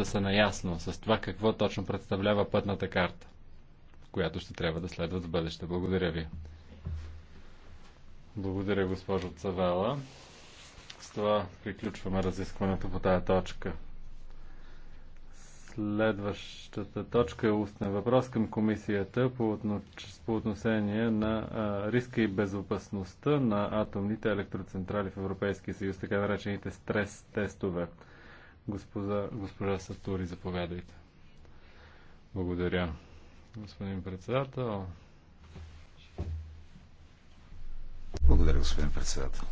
да са наясно с това какво точно представлява пътната карта, която ще трябва да следват в бъдеще. Благодаря ви. Благодаря, госпожо Цавела. С това приключваме разискването по тая точка. Следващата точка е устен въпрос към комисията по, отно... по отношение на а, риска и безопасността на атомните електроцентрали в Европейския съюз, така наречените стрес тестове. Господа, госпожа Сатури, заповядайте. Благодаря, господин председател. Благодаря, господин председател.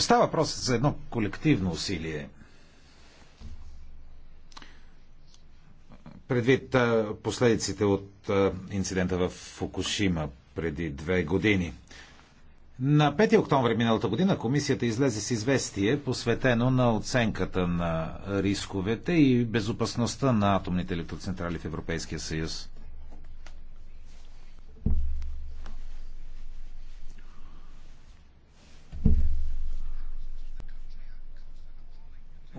Става въпрос за едно колективно усилие. Предвид последиците от инцидента в Фукушима, преди две години. На 5 октомври миналата година комисията излезе с известие, посветено на оценката на рисковете и безопасността на атомните електроцентрали в Европейския съюз.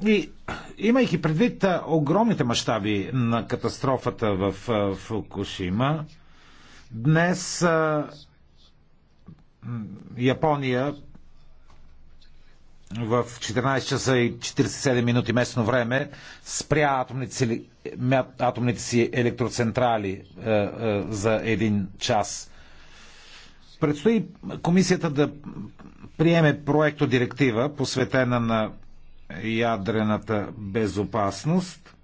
И имайки предвид огромните мащаби на катастрофата в Фукушима, Днес Япония в 14 часа и 47 минути местно време спря атомните си, атомните си електроцентрали а, е, а, е, за един час. Предстои комисията да приеме проекто директива, посветена на ядрената безопасност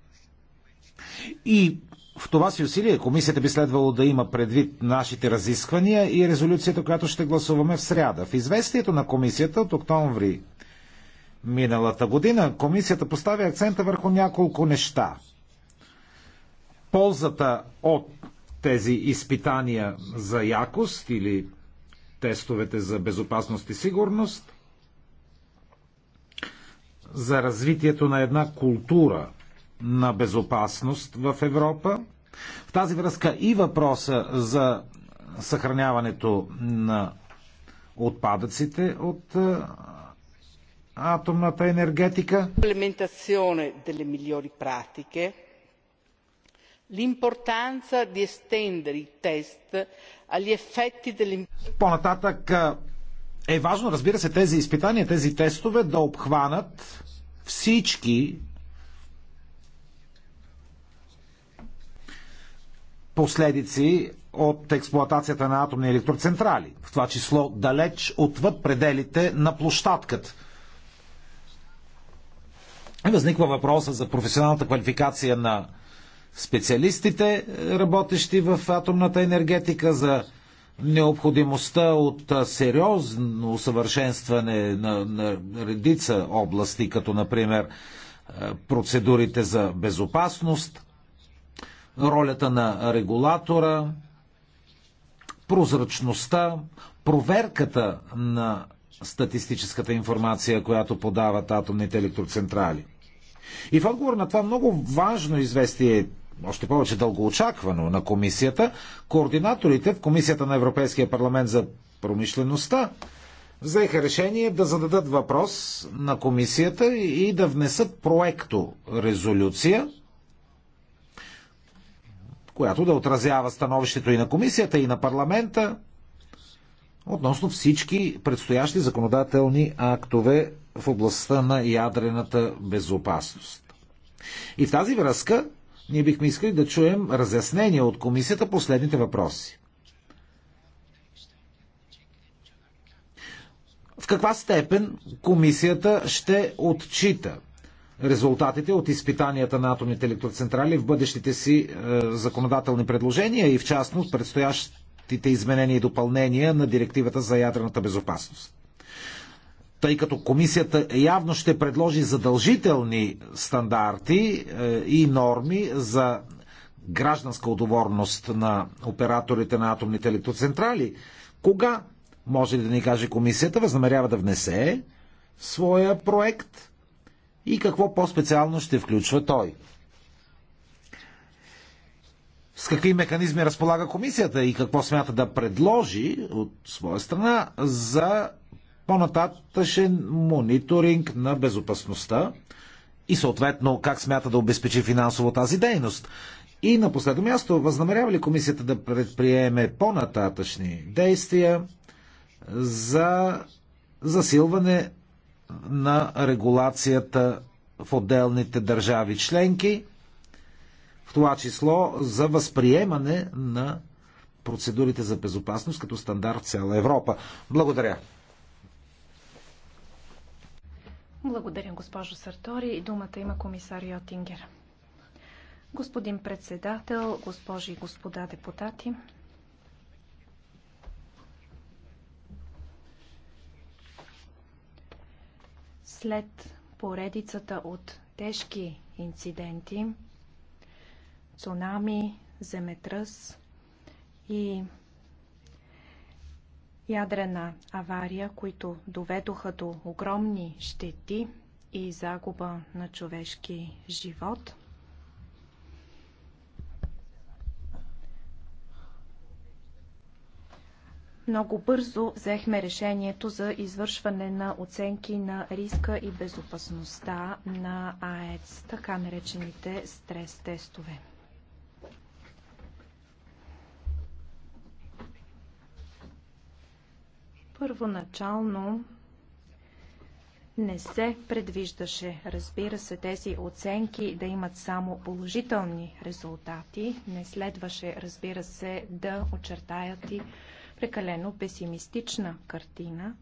и в това си усилие комисията би следвало да има предвид нашите разисквания и резолюцията, която ще гласуваме в сряда. В известието на комисията от октомври миналата година комисията поставя акцента върху няколко неща. Ползата от тези изпитания за якост или тестовете за безопасност и сигурност, за развитието на една култура – на безопасност в Европа. В тази връзка и въпроса за съхраняването на отпадъците от атомната енергетика. L'importanza di estendere i test agli effetti По-нататък е важно, разбира се, тези изпитания, тези тестове да обхванат всички последици от експлоатацията на атомни електроцентрали, в това число далеч отвъд пределите на площадката. Възниква въпроса за професионалната квалификация на специалистите, работещи в атомната енергетика, за необходимостта от сериозно усъвършенстване на, на редица области, като например процедурите за безопасност, ролята на регулатора, прозрачността, проверката на статистическата информация, която подават атомните електроцентрали. И в отговор на това много важно известие, още повече дългоочаквано на комисията, координаторите в Комисията на Европейския парламент за промишлеността взеха решение да зададат въпрос на комисията и да внесат проекто резолюция, която да отразява становището и на комисията, и на парламента относно всички предстоящи законодателни актове в областта на ядрената безопасност. И в тази връзка ние бихме искали да чуем разяснение от комисията последните въпроси. В каква степен комисията ще отчита резултатите от изпитанията на атомните електроцентрали в бъдещите си е, законодателни предложения и в частност предстоящите изменения и допълнения на директивата за ядрената безопасност тъй като комисията явно ще предложи задължителни стандарти е, и норми за гражданска удоворност на операторите на атомните електроцентрали, кога, може да ни каже комисията, възнамерява да внесе своя проект и какво по-специално ще включва той. С какви механизми разполага комисията и какво смята да предложи от своя страна за по-нататъчен мониторинг на безопасността и съответно как смята да обезпечи финансово тази дейност. И на последно място, възнамерява ли комисията да предприеме по-нататъчни действия за засилване на регулацията в отделните държави членки, в това число за възприемане на процедурите за безопасност като стандарт в цяла Европа. Благодаря. Благодаря, госпожо Сартори. И думата има комисар Йотингер. Господин председател, госпожи и господа депутати, След поредицата от тежки инциденти, цунами, земетръс и ядрена авария, които доведоха до огромни щети и загуба на човешки живот – Много бързо взехме решението за извършване на оценки на риска и безопасността на АЕЦ, така наречените стрес тестове. Първоначално не се предвиждаше, разбира се, тези оценки да имат само положителни резултати. Не следваше, разбира се, да очертаят и прекалено песимистична картина.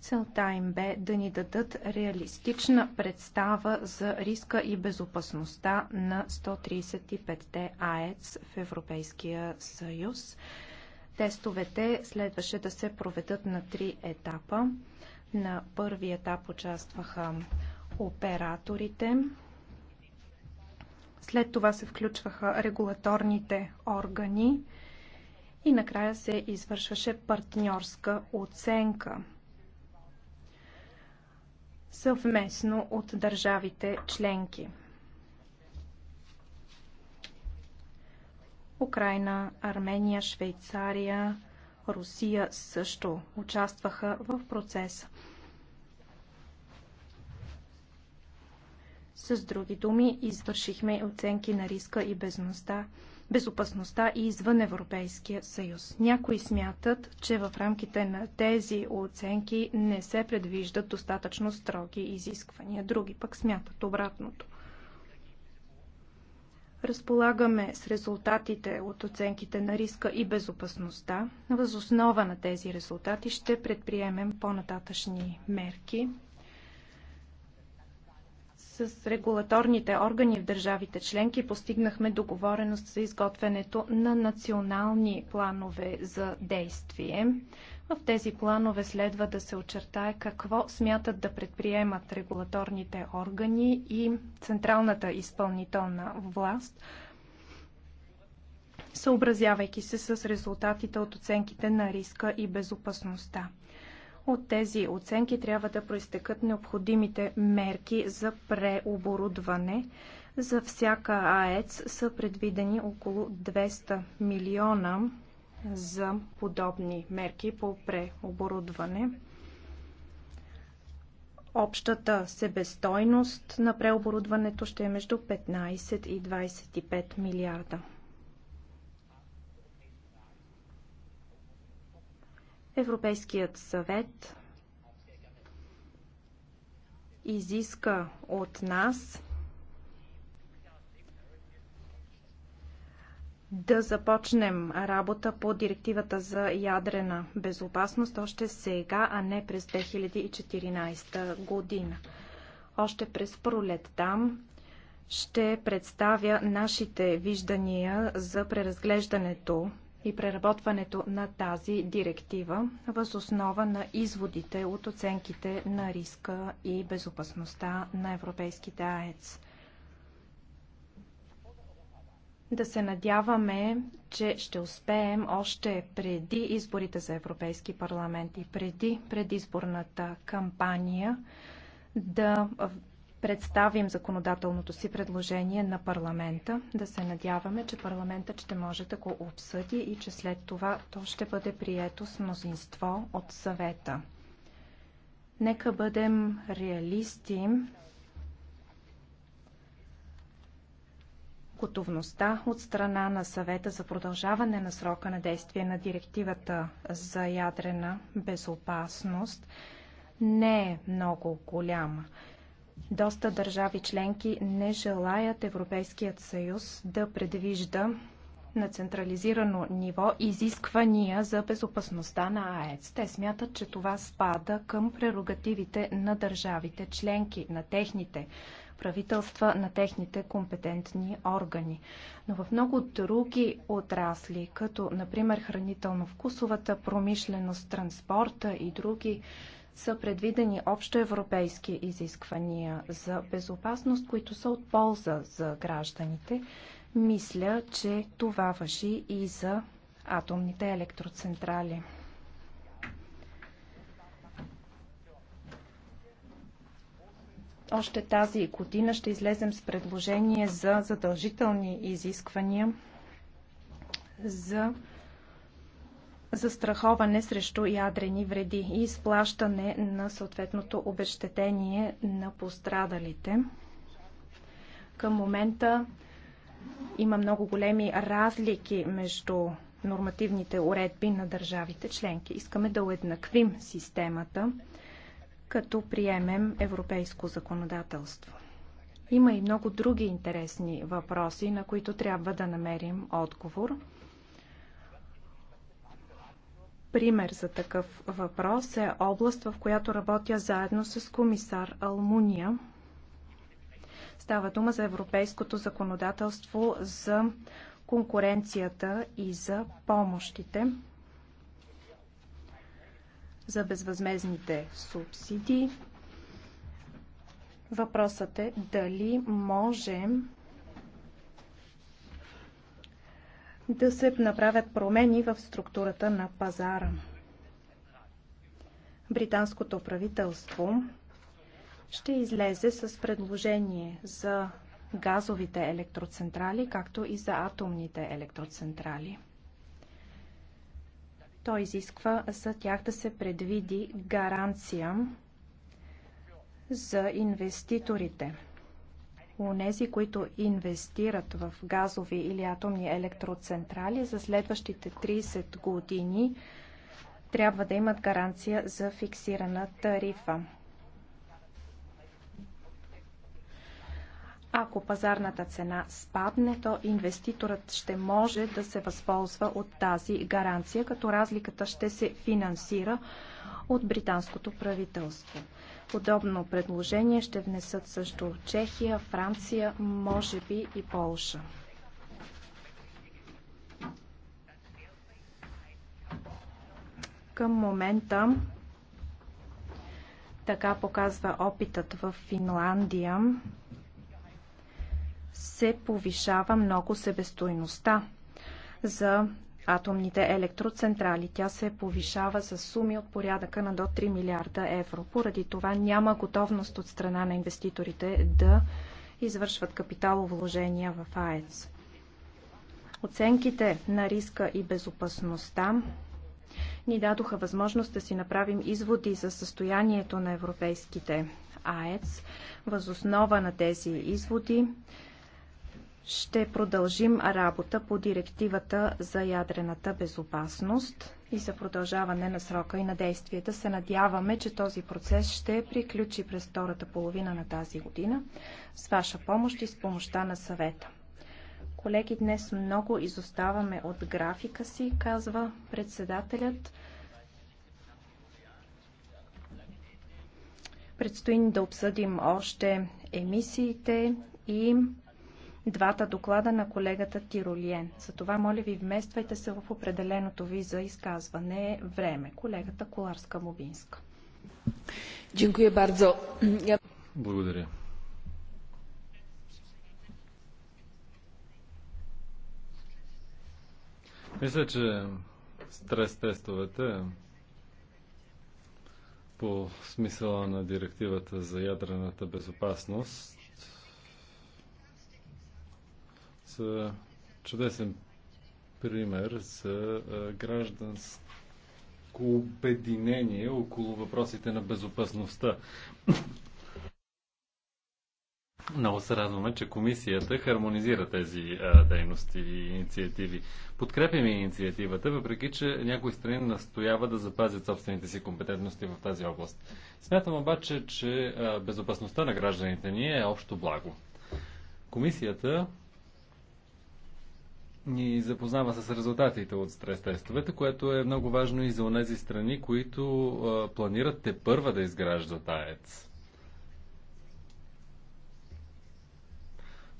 Целта им бе да ни дадат реалистична представа за риска и безопасността на 135-те АЕЦ в Европейския съюз. Тестовете следваше да се проведат на три етапа. На първи етап участваха операторите. След това се включваха регулаторните органи и накрая се извършваше партньорска оценка съвместно от държавите членки. Украина, Армения, Швейцария, Русия също участваха в процеса. С други думи, извършихме оценки на риска и безността безопасността и извън Европейския съюз. Някои смятат, че в рамките на тези оценки не се предвиждат достатъчно строги изисквания. Други пък смятат обратното. Разполагаме с резултатите от оценките на риска и безопасността. Въз основа на тези резултати ще предприемем по-нататъчни мерки с регулаторните органи в държавите членки постигнахме договореност за изготвянето на национални планове за действие. В тези планове следва да се очертае какво смятат да предприемат регулаторните органи и централната изпълнителна власт, съобразявайки се с резултатите от оценките на риска и безопасността. От тези оценки трябва да проистекат необходимите мерки за преоборудване. За всяка АЕЦ са предвидени около 200 милиона за подобни мерки по преоборудване. Общата себестойност на преоборудването ще е между 15 и 25 милиарда. Европейският съвет изиска от нас да започнем работа по директивата за ядрена безопасност още сега, а не през 2014 година. Още през там ще представя нашите виждания за преразглеждането и преработването на тази директива въз основа на изводите от оценките на риска и безопасността на европейските АЕЦ. Да се надяваме, че ще успеем още преди изборите за Европейски парламент и преди предизборната кампания да представим законодателното си предложение на парламента. Да се надяваме, че парламентът ще може да го обсъди и че след това то ще бъде прието с мнозинство от съвета. Нека бъдем реалисти. Готовността от страна на съвета за продължаване на срока на действие на директивата за ядрена безопасност не е много голяма. Доста държави членки не желаят Европейският съюз да предвижда на централизирано ниво изисквания за безопасността на АЕЦ. Те смятат, че това спада към прерогативите на държавите членки, на техните правителства, на техните компетентни органи. Но в много други отрасли, като например хранително-вкусовата промишленост, транспорта и други са предвидени общоевропейски изисквания за безопасност, които са от полза за гражданите. Мисля, че това въжи и за атомните електроцентрали. Още тази година ще излезем с предложение за задължителни изисквания за застраховане срещу ядрени вреди и изплащане на съответното обещетение на пострадалите. Към момента има много големи разлики между нормативните уредби на държавите членки. Искаме да уеднаквим системата, като приемем европейско законодателство. Има и много други интересни въпроси, на които трябва да намерим отговор. Пример за такъв въпрос е област, в която работя заедно с комисар Алмуния. Става дума за европейското законодателство за конкуренцията и за помощите за безвъзмезните субсидии. Въпросът е дали можем да се направят промени в структурата на пазара. Британското правителство ще излезе с предложение за газовите електроцентрали, както и за атомните електроцентрали. Той изисква за тях да се предвиди гаранция за инвеститорите – Онези, които инвестират в газови или атомни електроцентрали за следващите 30 години, трябва да имат гаранция за фиксирана тарифа. Ако пазарната цена спадне, то инвеститорът ще може да се възползва от тази гаранция, като разликата ще се финансира от британското правителство. Подобно предложение ще внесат също Чехия, Франция, може би и Полша. Към момента, така показва опитът в Финландия, се повишава много себестойността за атомните електроцентрали. Тя се повишава с суми от порядъка на до 3 милиарда евро. Поради това няма готовност от страна на инвеститорите да извършват капиталовложения в АЕЦ. Оценките на риска и безопасността ни дадоха възможност да си направим изводи за състоянието на европейските АЕЦ. Възоснова на тези изводи ще продължим работа по директивата за ядрената безопасност и за продължаване на срока и на действията. Се надяваме, че този процес ще приключи през втората половина на тази година с ваша помощ и с помощта на съвета. Колеги, днес много изоставаме от графика си, казва председателят. Предстои да обсъдим още емисиите и двата доклада на колегата Тиролиен. Затова, моля ви, вмествайте се в определеното ви за изказване време. Колегата Коларска-Мобинска. Благодаря. Мисля, че стрес тестовете по смисъла на директивата за ядрената безопасност Е, чудесен пример за е, гражданско обединение около въпросите на безопасността. Много се радваме, че комисията хармонизира тези а, е, дейности и инициативи. Подкрепяме инициативата, въпреки че някои страни настоява да запазят собствените си компетентности в тази област. Смятам обаче, че а, безопасността на гражданите ни е общо благо. Комисията ни запознава с резултатите от стрес-тестовете, което е много важно и за тези страни, които а, планират те първа да изграждат АЕЦ.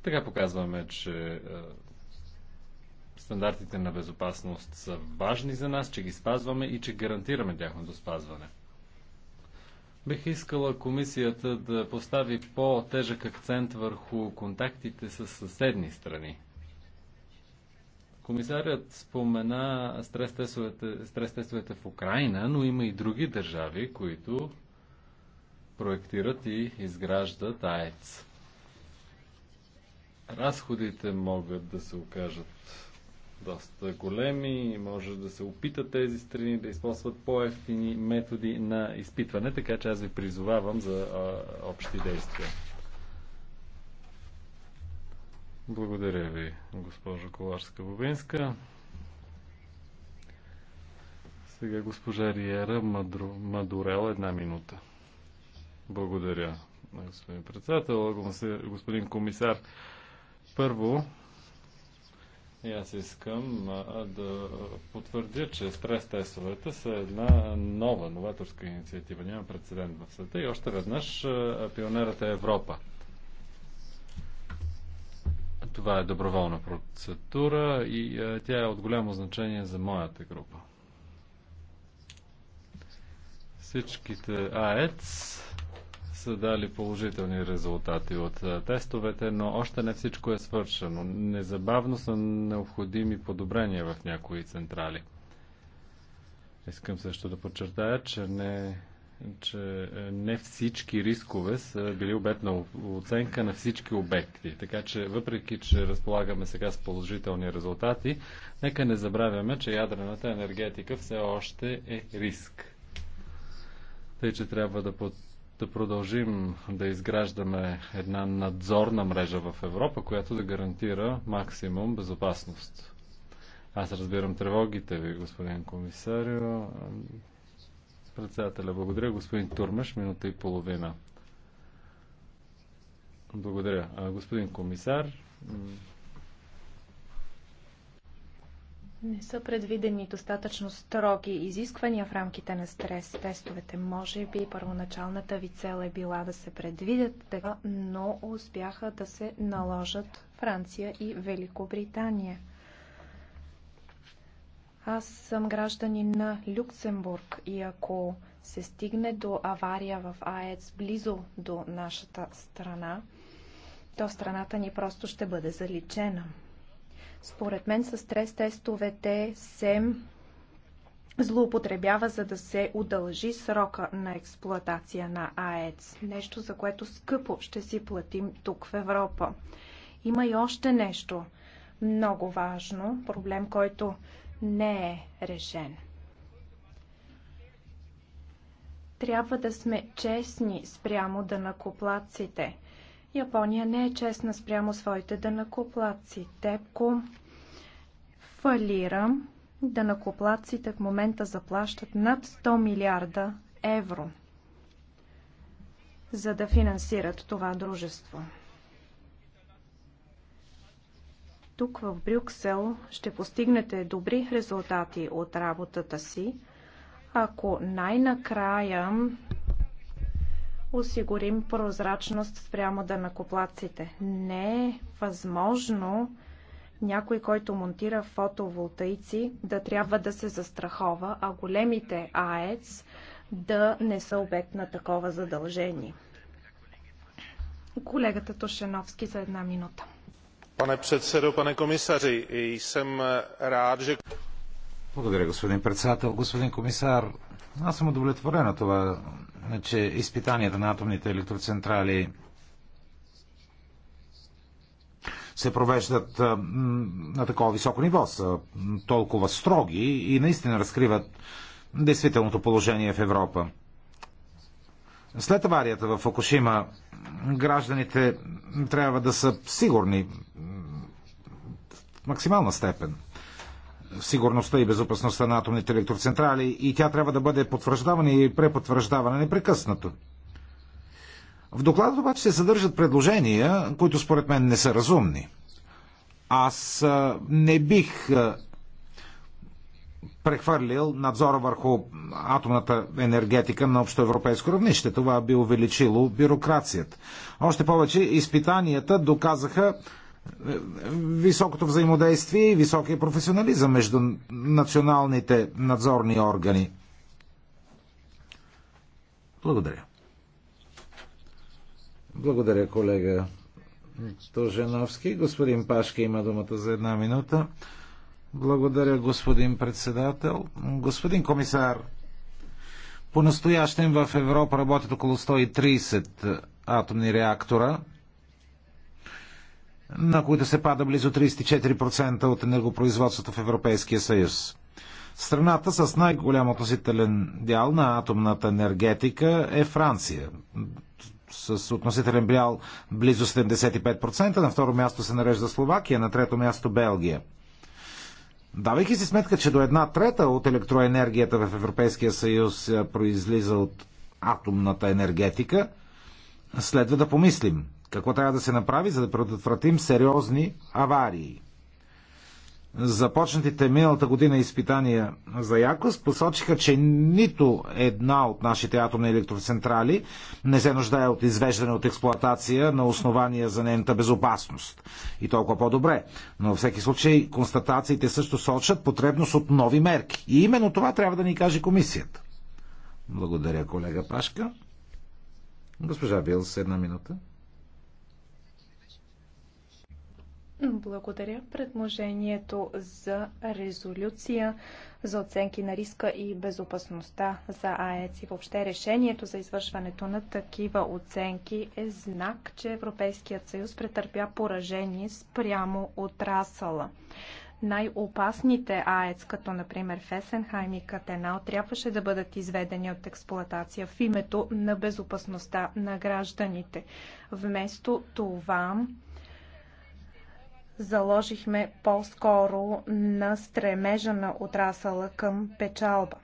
Така показваме, че а, стандартите на безопасност са важни за нас, че ги спазваме и че гарантираме тяхното спазване. Бих искала комисията да постави по-тежък акцент върху контактите с съседни страни – Комисарят спомена стрес-тестовете, стрес в Украина, но има и други държави, които проектират и изграждат АЕЦ. Разходите могат да се окажат доста големи и може да се опитат тези страни да използват по-ефтини методи на изпитване, така че аз ви призовавам за а, общи действия. Благодаря ви, госпожо Коларска-Бобинска. Сега госпожа Риера Мадурел, една минута. Благодаря, господин председател, господин комисар. Първо, и аз искам а, да потвърдя, че стрес тестовете са една нова, новаторска инициатива. Няма прецедент в света и още веднъж пионерът е Европа. Това е доброволна процедура и а, е, тя е от голямо значение за моята група. Всичките АЕЦ са дали положителни резултати от е, тестовете, но още не всичко е свършено. Незабавно са необходими подобрения в някои централи. Искам също да подчертая, че не че е, не всички рискове са били обект на оценка на всички обекти. Така че, въпреки, че разполагаме сега с положителни резултати, нека не забравяме, че ядрената енергетика все още е риск. Тъй, че трябва да под да продължим да изграждаме една надзорна мрежа в Европа, която да гарантира максимум безопасност. Аз разбирам тревогите ви, господин комисарио. Председателя, благодаря. Господин Турмаш, минута и половина. Благодаря. Господин комисар. Не са предвидени достатъчно строги изисквания в рамките на стрес тестовете. Може би първоначалната ви цел е била да се предвидят така, но успяха да се наложат Франция и Великобритания. Аз съм гражданин на Люксембург и ако се стигне до авария в АЕЦ близо до нашата страна, то страната ни просто ще бъде заличена. Според мен с стрес тестовете се злоупотребява, за да се удължи срока на експлоатация на АЕЦ. Нещо, за което скъпо ще си платим тук в Европа. Има и още нещо много важно, проблем, който не е решен. Трябва да сме честни спрямо дънакоплаците. Япония не е честна спрямо своите дънакоплаци. Тепко фалира. дънакоплаците в момента заплащат над 100 милиарда евро, за да финансират това дружество. тук в Брюксел ще постигнете добри резултати от работата си, ако най-накрая осигурим прозрачност спрямо накоплаците. Не е възможно някой, който монтира фотоволтаици, да трябва да се застрахова, а големите АЕЦ да не са обект на такова задължение. Колегата Тошеновски за една минута. Pane председо, пане комисари, и съм рад, Благодаря, господин председател. Господин комисар, аз съм удовлетворен от това, че изпитанията на атомните електроцентрали се провеждат на такова високо ниво, са толкова строги и наистина разкриват действителното положение в Европа. След аварията в Фукушима гражданите трябва да са сигурни, максимална степен сигурността и безопасността на атомните електроцентрали и тя трябва да бъде потвърждавана и препотвърждавана непрекъснато. В доклада обаче се съдържат предложения, които според мен не са разумни. Аз не бих прехвърлил надзора върху атомната енергетика на общоевропейско равнище. Това би увеличило бюрокрацията. Още повече изпитанията доказаха високото взаимодействие и високия професионализъм между националните надзорни органи. Благодаря. Благодаря, колега Тоженовски. Господин Пашки има думата за една минута. Благодаря, господин председател. Господин комисар, по настоящен в Европа работят около 130 атомни реактора – на които се пада близо 34% от енергопроизводството в Европейския съюз. Страната с най-голям относителен дял на атомната енергетика е Франция с относителен бял близо 75%. На второ място се нарежда Словакия, на трето място Белгия. Давайки си сметка, че до една трета от електроенергията в Европейския съюз е произлиза от атомната енергетика, следва да помислим какво трябва да се направи, за да предотвратим сериозни аварии? Започнатите миналата година изпитания за якост посочиха, че нито една от нашите атомни електроцентрали не се нуждае от извеждане от експлоатация на основания за нейната безопасност. И толкова по-добре. Но във всеки случай констатациите също сочат потребност от нови мерки. И именно това трябва да ни каже комисията. Благодаря, колега Пашка. Госпожа Билс, една минута. Благодаря. Предложението за резолюция за оценки на риска и безопасността за АЕЦ и въобще решението за извършването на такива оценки е знак, че Европейският съюз претърпя поражение спрямо отрасъла. Най-опасните АЕЦ, като например Фесенхайм и Катенал, трябваше да бъдат изведени от експлоатация в името на безопасността на гражданите. Вместо това заложихме по-скоро на стремежа на отрасъла към печалба.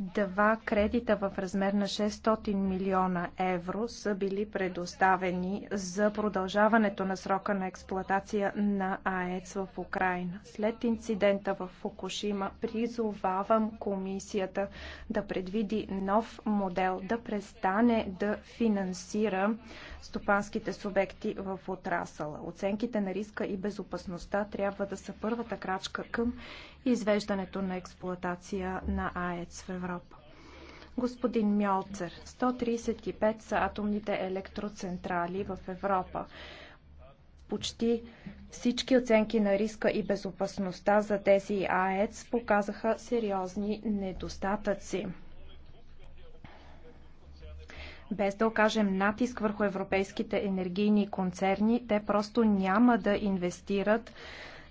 Два кредита в размер на 600 милиона евро са били предоставени за продължаването на срока на експлоатация на АЕЦ в Украина. След инцидента в Фукушима призовавам комисията да предвиди нов модел, да престане да финансира стопанските субекти в отрасъла. Оценките на риска и безопасността трябва да са първата крачка към извеждането на експлоатация на АЕЦ в Европа. Господин Мьолцер, 135 са атомните електроцентрали в Европа. Почти всички оценки на риска и безопасността за тези АЕЦ показаха сериозни недостатъци без да окажем натиск върху европейските енергийни концерни, те просто няма да инвестират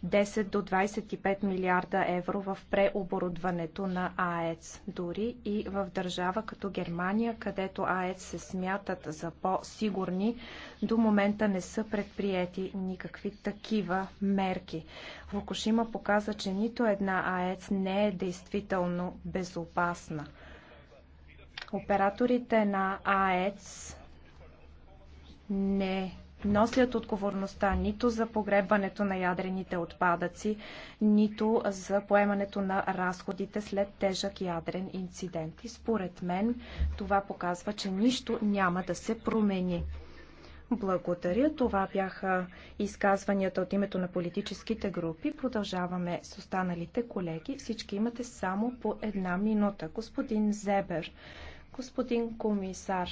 10 до 25 милиарда евро в преоборудването на АЕЦ. Дори и в държава като Германия, където АЕЦ се смятат за по-сигурни, до момента не са предприяти никакви такива мерки. Фукушима показа, че нито една АЕЦ не е действително безопасна. Операторите на АЕЦ не носят отговорността нито за погребването на ядрените отпадъци, нито за поемането на разходите след тежък ядрен инцидент. И според мен това показва, че нищо няма да се промени. Благодаря. Това бяха изказванията от името на политическите групи. Продължаваме с останалите колеги. Всички имате само по една минута. Господин Зебер, господин комисар,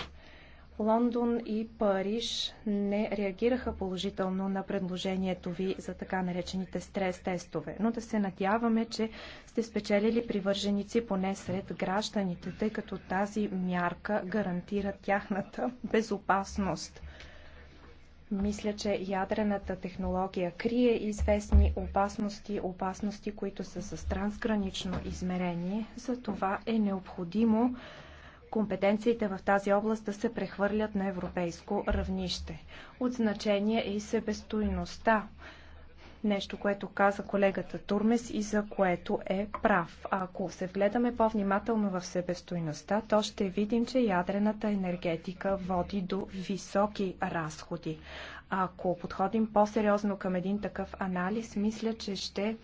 Лондон и Париж не реагираха положително на предложението ви за така наречените стрес тестове, но да се надяваме, че сте спечелили привърженици поне сред гражданите, тъй като тази мярка гарантира тяхната безопасност. Мисля, че ядрената технология крие известни опасности, опасности, които са с трансгранично измерение. За това е необходимо компетенциите в тази област да се прехвърлят на европейско равнище. От значение е и себестойността нещо, което каза колегата Турмес и за което е прав. А ако се вгледаме по-внимателно в себестойността, то ще видим, че ядрената енергетика води до високи разходи. Ако подходим по-сериозно към един такъв анализ, мисля, че ще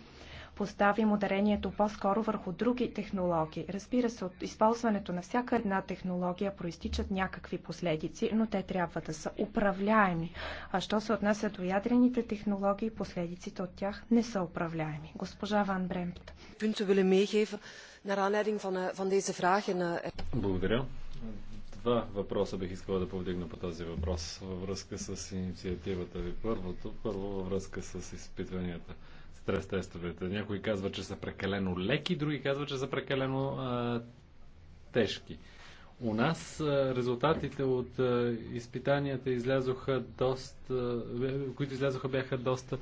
поставим ударението по-скоро върху други технологии. Разбира се, от използването на всяка една технология проистичат някакви последици, но те трябва да са управляеми. А що се отнася до ядрените технологии, последиците от тях не са управляеми. Госпожа Ван Бремпт. Благодаря. Два въпроса бих искала да повдигна по този въпрос във връзка с инициативата ви. Първото, първо във връзка с изпитванията стрес тестовете. Някои казват, че са прекалено леки, други казват, че са прекалено а, тежки. У нас резултатите от изпитанията излязоха доста, които излязоха бяха доста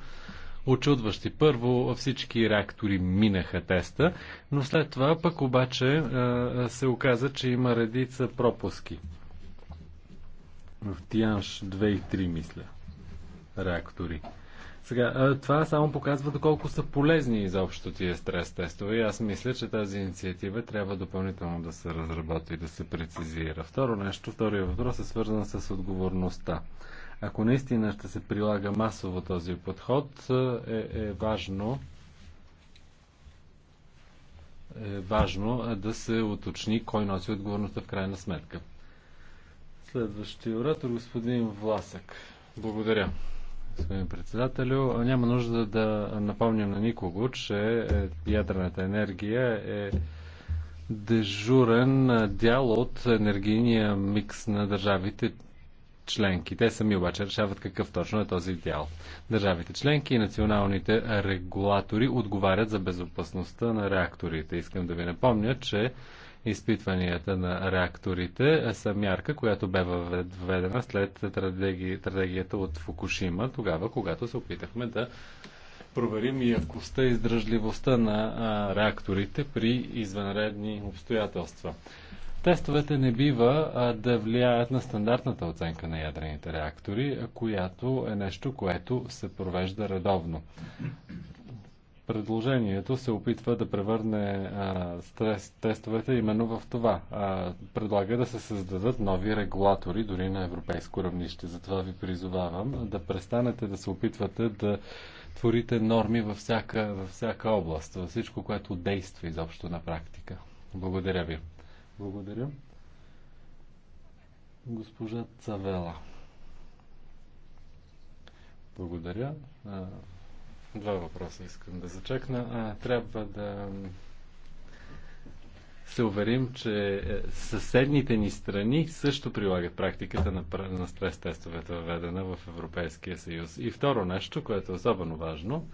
очудващи. Първо всички реактори минаха теста, но след това пък обаче се оказа, че има редица пропуски. В Тианш 2 и 3, мисля, реактори. Сега, това само показва доколко са полезни изобщо тия стрес тестове и аз мисля, че тази инициатива трябва допълнително да се разработи и да се прецизира. Второ нещо, втория въпрос е свързан с отговорността. Ако наистина ще се прилага масово този подход, е, е важно е важно да се уточни кой носи отговорността в крайна сметка. Следващия оратор, господин Власък. Благодаря господин председателю. Няма нужда да напомням на никого, че е, ядрената енергия е дежурен дял от енергийния микс на държавите членки. Те сами обаче решават какъв точно е този дял. Държавите членки и националните регулатори отговарят за безопасността на реакторите. Искам да ви напомня, че изпитванията на реакторите са мярка, която бе введена след стратегията от Фукушима, тогава, когато се опитахме да проверим и якостта и издръжливостта на реакторите при извънредни обстоятелства. Тестовете не бива а, да влияят на стандартната оценка на ядрените реактори, която е нещо, което се провежда редовно. Предложението се опитва да превърне а, стрес тестовете именно в това. А, предлага да се създадат нови регулатори, дори на европейско равнище. Затова ви призовавам да престанете да се опитвате да творите норми във всяка, във всяка област, във всичко, което действа изобщо на практика. Благодаря ви. Благодаря. Госпожа Цавела. Благодаря. Два въпроса искам да зачекна. А, трябва да се уверим, че е, съседните ни страни също прилагат практиката на, на стрес тестовете, въведена в Европейския съюз. И второ нещо, което е особено важно,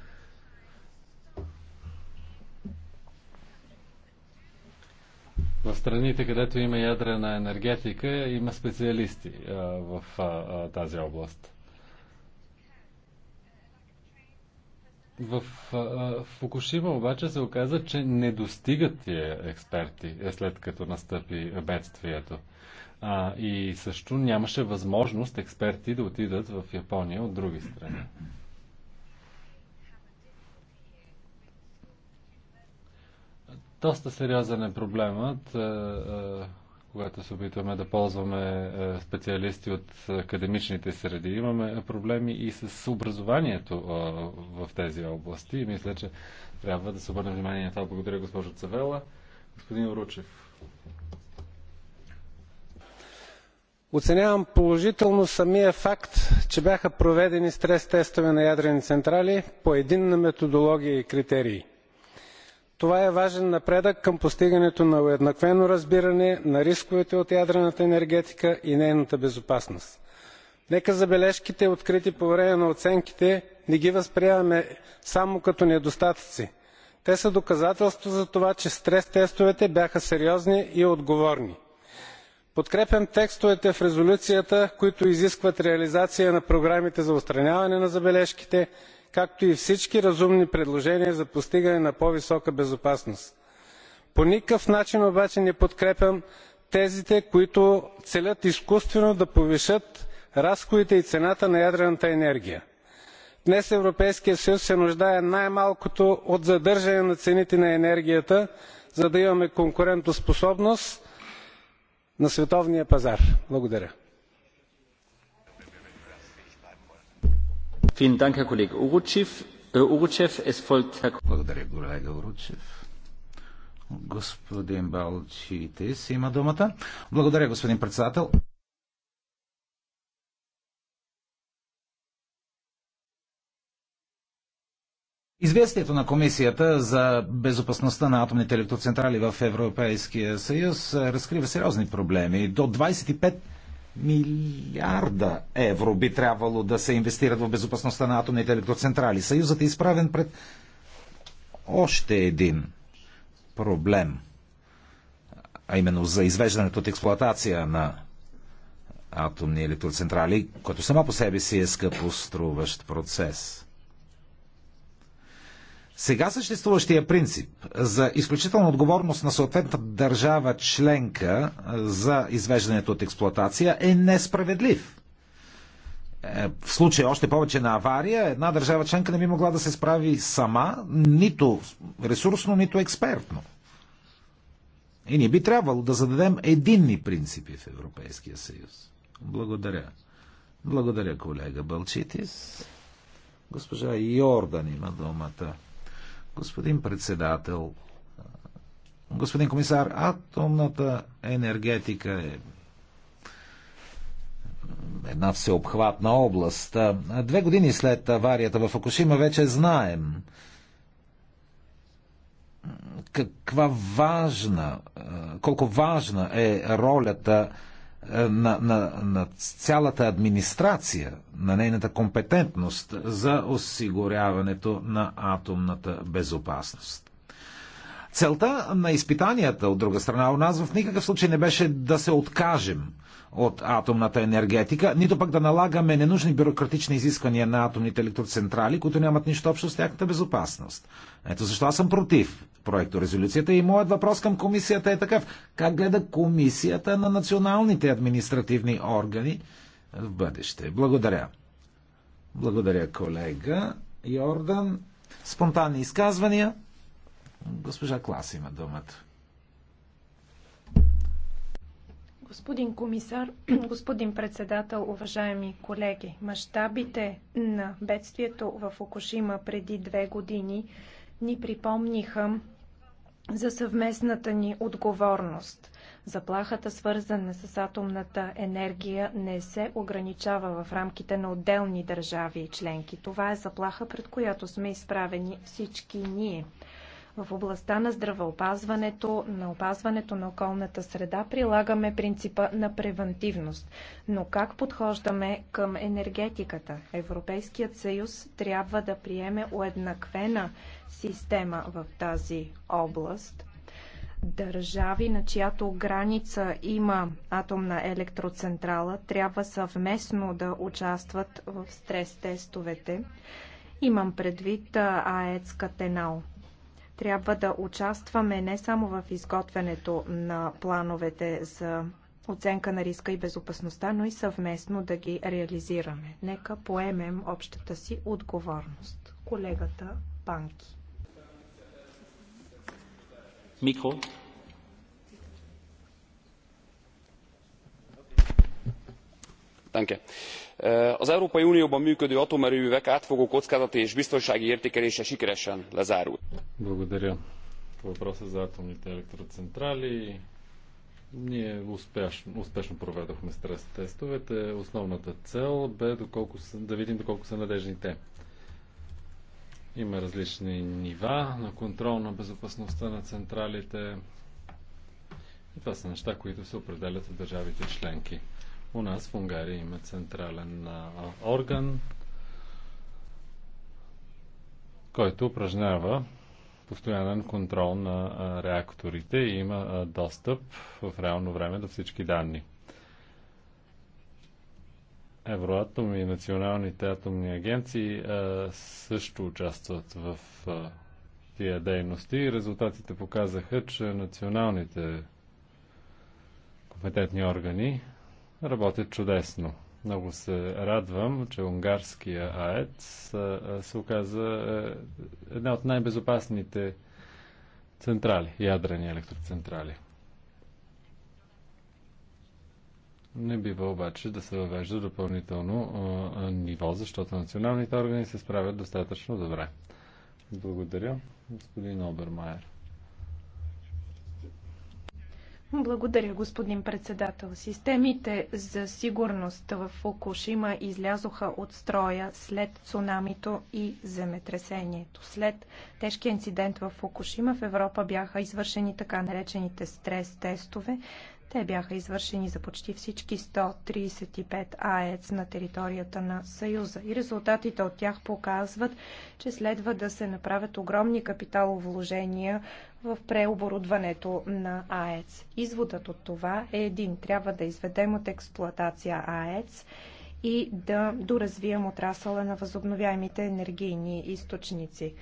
В страните, където има ядрена енергетика, има специалисти а, в а, тази област. В Фукушима обаче се оказа, че не достигат тия експерти е, след като настъпи бедствието. А, и също нямаше възможност експерти да отидат в Япония от други страни. Доста сериозен е проблемът. Е, е, когато се опитваме да ползваме е, специалисти от академичните среди. Имаме проблеми и с образованието е, в тези области. И мисля, че трябва да се обърнем внимание на това. Благодаря, госпожо Цавела. Господин Ручев. Оценявам положително самия факт, че бяха проведени стрес тестове на ядрени централи по единна методология и критерии това е важен напредък към постигането на уеднаквено разбиране на рисковете от ядрената енергетика и нейната безопасност. нека забележките открити по време на оценките не ги възприемаме само като недостатъци те са доказателство за това че стрес тестовете бяха сериозни и отговорни. подкрепям текстовете в резолюцията които изискват реализация на програмите за отстраняване на забележките както и всички разумни предложения за постигане на по висока безопасност. по никакъв начин обаче не подкрепям тезите които целят изкуствено да повишат разходите и цената на ядрената енергия. днес европейският съюз се нуждае най малкото от задържане на цените на енергията за да имаме конкурентоспособност на световния пазар. благодаря. Äh, Благодаря, колега Уручев. Господин Балчитис има думата. Благодаря, господин председател. Известието на Комисията за безопасността на атомните електроцентрали в Европейския съюз е, разкрива сериозни проблеми. До 25 милиарда евро би трябвало да се инвестират в безопасността на атомните електроцентрали. Съюзът е изправен пред още един проблем, а именно за извеждането от експлоатация на атомни електроцентрали, което само по себе си е скъпоструващ процес. Сега съществуващия принцип за изключителна отговорност на съответната държава членка за извеждането от експлоатация е несправедлив. Е, в случай още повече на авария, една държава членка не би могла да се справи сама, нито ресурсно, нито експертно. И ни би трябвало да зададем единни принципи в Европейския съюз. Благодаря. Благодаря, колега Бълчитис. Госпожа Йордан има думата. Господин председател, господин комисар, атомната енергетика е една всеобхватна област. Две години след аварията в Акушима вече знаем каква важна, колко важна е ролята е, на, на, на цялата администрация, на нейната компетентност за осигуряването на атомната безопасност. Целта на изпитанията, от друга страна, у нас в никакъв случай не беше да се откажем – от атомната енергетика, нито пък да налагаме ненужни бюрократични изисквания на атомните електроцентрали, които нямат нищо общо с тяхната безопасност. Ето защо аз съм против проекто резолюцията и моят въпрос към комисията е такъв. Как гледа комисията на националните административни органи в бъдеще? Благодаря. Благодаря, колега Йордан. Спонтанни изказвания. Госпожа Клас има думата. Господин комисар, господин председател, уважаеми колеги, мащабите на бедствието в Окушима преди две години ни припомниха за съвместната ни отговорност. Заплахата, свързана с атомната енергия, не се ограничава в рамките на отделни държави и членки. Това е заплаха, пред която сме изправени всички ние. В областта на здравеопазването, на опазването на околната среда прилагаме принципа на превентивност. Но как подхождаме към енергетиката? Европейският съюз трябва да приеме уеднаквена система в тази област, държави, на чиято граница има атомна електроцентрала, трябва съвместно да участват в стрес-тестовете. Имам предвид АЕЦ Катенал. Трябва да участваме не само в изготвянето на плановете за оценка на риска и безопасността, но и съвместно да ги реализираме. Нека поемем общата си отговорност. Колегата Панки. Микро. az európai unióban működő atomerőművek átfogó kockázati és biztonsági értékelése sikeresen lezárult. за атомните електроцентрали. Ние успешно, успешно проведохме стрес тестовете. Основната цел бе доколко са, да видим доколко са надежни те. Има различни нива на контрол на безопасността на централите. И това са неща, които се определят от държавите членки. У нас в Унгария има централен орган, който упражнява постоянен контрол на реакторите и има достъп в реално време до всички данни. Евроатом и националните атомни агенции също участват в тия дейности и резултатите показаха, че националните компетентни органи работят чудесно. Много се радвам, че унгарския АЕЦ се оказа е, една от най-безопасните централи, ядрени електроцентрали. Не бива обаче да се въвежда допълнително а, ниво, защото националните органи се справят достатъчно добре. Благодаря, господин Обермайер. Благодаря, господин председател. Системите за сигурност в Фукушима излязоха от строя след цунамито и земетресението. След тежкия инцидент в Фукушима в Европа бяха извършени така наречените стрес тестове, те бяха извършени за почти всички 135 АЕЦ на територията на Съюза и резултатите от тях показват, че следва да се направят огромни капиталовложения в преоборудването на АЕЦ. Изводът от това е един. Трябва да изведем от експлоатация АЕЦ и да доразвием отрасъла на възобновяемите енергийни източници.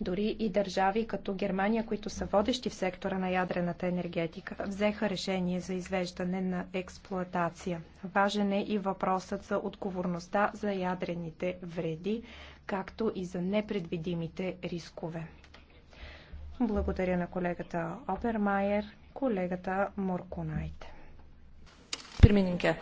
Дори и държави като Германия, които са водещи в сектора на ядрената енергетика, взеха решение за извеждане на експлоатация. Важен е и въпросът за отговорността за ядрените вреди, както и за непредвидимите рискове. Благодаря на колегата Опермайер, колегата Морконайте. Пирмининке,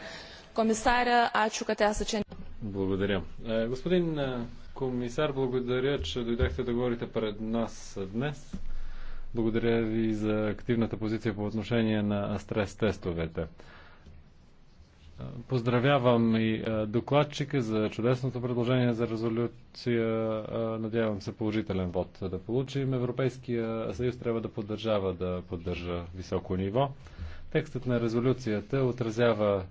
комисаря, ачу, че... Благодаря. Е, господин е, Комисар, благодаря, че дойдахте да говорите пред нас днес. Благодаря ви за активната позиция по отношение на стрес-тестовете. Поздравявам и докладчика за чудесното предложение за резолюция. Надявам се положителен вод да получим. Европейския съюз трябва да поддържава да поддържа високо ниво. Текстът на резолюцията отразява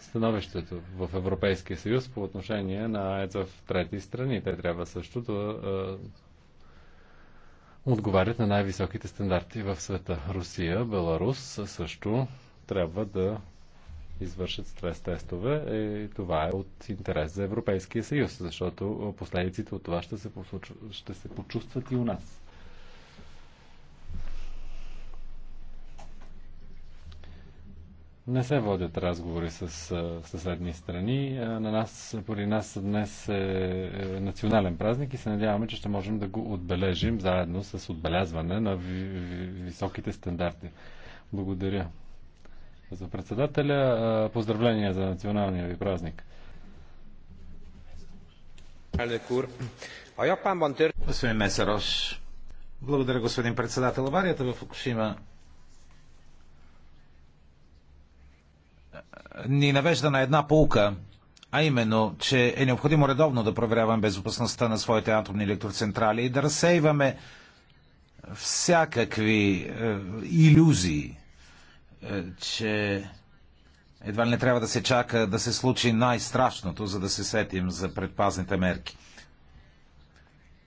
становището в Европейския съюз по отношение на ЕЦ в трети страни. Те трябва също да отговарят на най-високите стандарти в света. Русия, Беларус също трябва да извършат стрес тестове и това е от интерес за Европейския съюз, защото последиците от това ще се, послуч... ще се почувстват и у нас. не се водят разговори с съседни страни. На нас, поради нас днес е, е национален празник и се надяваме, че ще можем да го отбележим заедно с отбелязване на високите стандарти. Благодаря за председателя. Поздравления за националния ви празник. Господин Месарош, благодаря господин председател. Аварията в Фукушима ни навежда на една полка, а именно, че е необходимо редовно да проверяваме безопасността на своите атомни електроцентрали и да разсейваме всякакви е, иллюзии, е, че едва ли не трябва да се чака да се случи най-страшното, за да се сетим за предпазните мерки.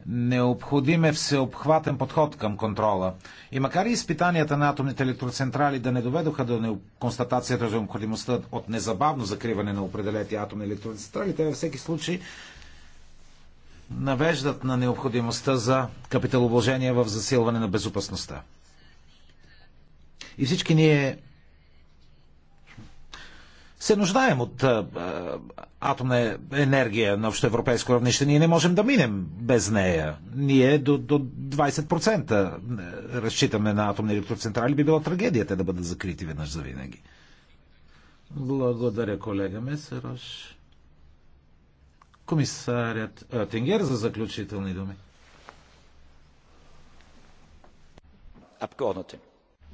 Необходим е всеобхватен подход към контрола. И макар и изпитанията на атомните електроцентрали да не доведоха до констатацията за необходимостта от незабавно закриване на определени атомни електроцентрали, те във всеки случай навеждат на необходимостта за капиталовложение в засилване на безопасността. И всички ние се нуждаем от а, атомна енергия на общоевропейско равнище. Ние не можем да минем без нея. Ние до, до 20% е, разчитаме на атомни електроцентрали. Би било трагедията да бъдат закрити веднъж за винаги. Благодаря, колега Месерош. Комисарят Тенгер за заключителни думи.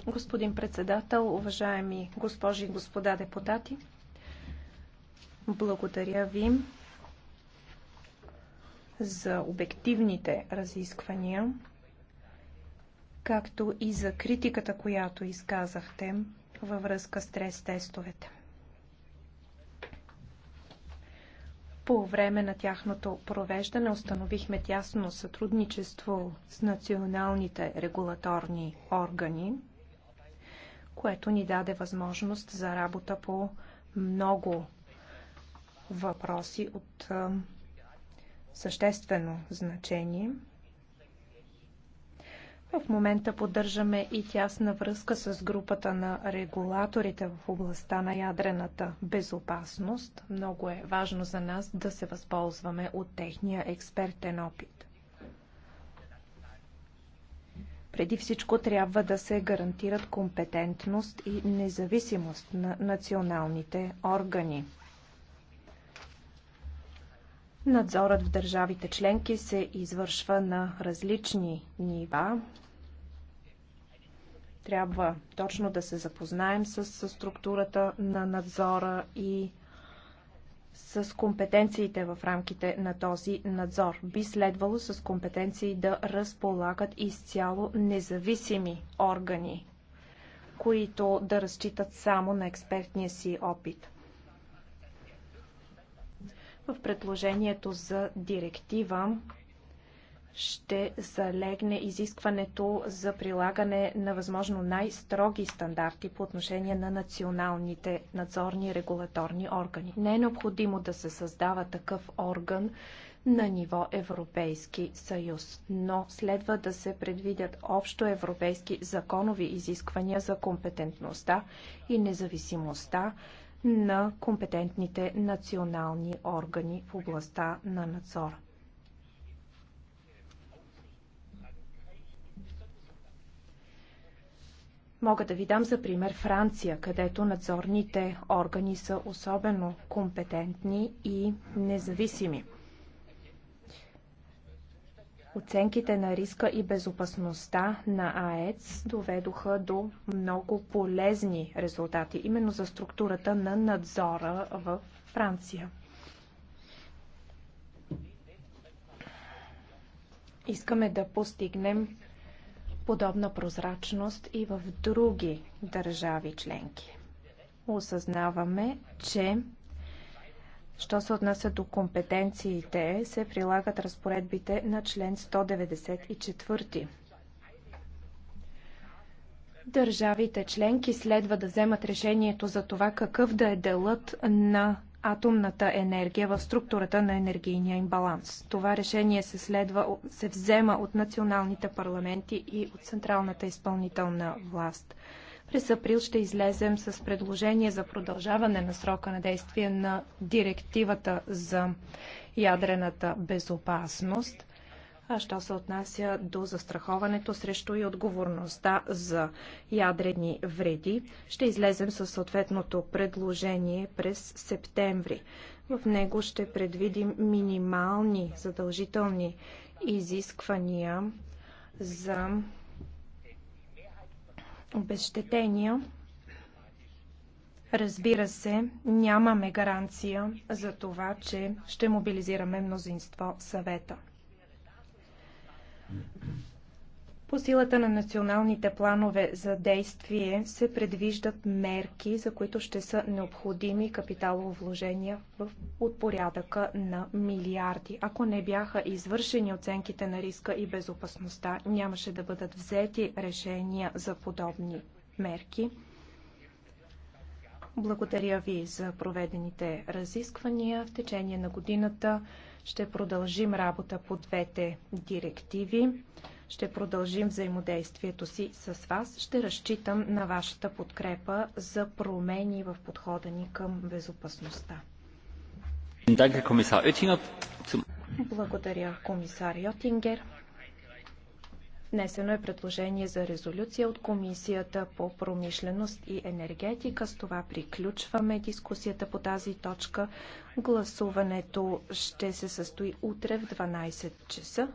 Господин председател, уважаеми госпожи и господа депутати, благодаря ви за обективните разисквания, както и за критиката, която изказахте във връзка с стрес-тестовете. По време на тяхното провеждане установихме тясно сътрудничество с националните регулаторни органи, което ни даде възможност за работа по много въпроси от съществено значение. В момента поддържаме и тясна връзка с групата на регулаторите в областта на ядрената безопасност. Много е важно за нас да се възползваме от техния експертен опит. Преди всичко трябва да се гарантират компетентност и независимост на националните органи. Надзорът в държавите членки се извършва на различни нива. Трябва точно да се запознаем с структурата на надзора и с компетенциите в рамките на този надзор. Би следвало с компетенции да разполагат изцяло независими органи, които да разчитат само на експертния си опит. В предложението за директива ще залегне изискването за прилагане на възможно най-строги стандарти по отношение на националните надзорни регулаторни органи. Не е необходимо да се създава такъв орган на ниво Европейски съюз, но следва да се предвидят общо европейски законови изисквания за компетентността и независимостта на компетентните национални органи в областта на надзора. Мога да ви дам за пример Франция, където надзорните органи са особено компетентни и независими. Оценките на риска и безопасността на АЕЦ доведоха до много полезни резултати, именно за структурата на надзора в Франция. Искаме да постигнем подобна прозрачност и в други държави членки. Осъзнаваме, че Що се отнася до компетенциите, се прилагат разпоредбите на член 194. Държавите членки следва да вземат решението за това какъв да е делът на атомната енергия в структурата на енергийния им баланс. Това решение се, следва, се взема от националните парламенти и от Централната изпълнителна власт. През април ще излезем с предложение за продължаване на срока на действие на директивата за ядрената безопасност. А що се отнася до застраховането срещу и отговорността за ядрени вреди, ще излезем със съответното предложение през септември. В него ще предвидим минимални задължителни изисквания за обещетения. Разбира се, нямаме гаранция за това, че ще мобилизираме мнозинство в съвета. По силата на националните планове за действие се предвиждат мерки, за които ще са необходими капиталово вложения в отпорядъка на милиарди. Ако не бяха извършени оценките на риска и безопасността, нямаше да бъдат взети решения за подобни мерки. Благодаря ви за проведените разисквания. В течение на годината ще продължим работа по двете директиви. Ще продължим взаимодействието си с вас. Ще разчитам на вашата подкрепа за промени в подхода ни към безопасността. Благодаря, комисар Йотингер. Внесено е предложение за резолюция от Комисията по промишленост и енергетика. С това приключваме дискусията по тази точка. Гласуването ще се състои утре в 12 часа.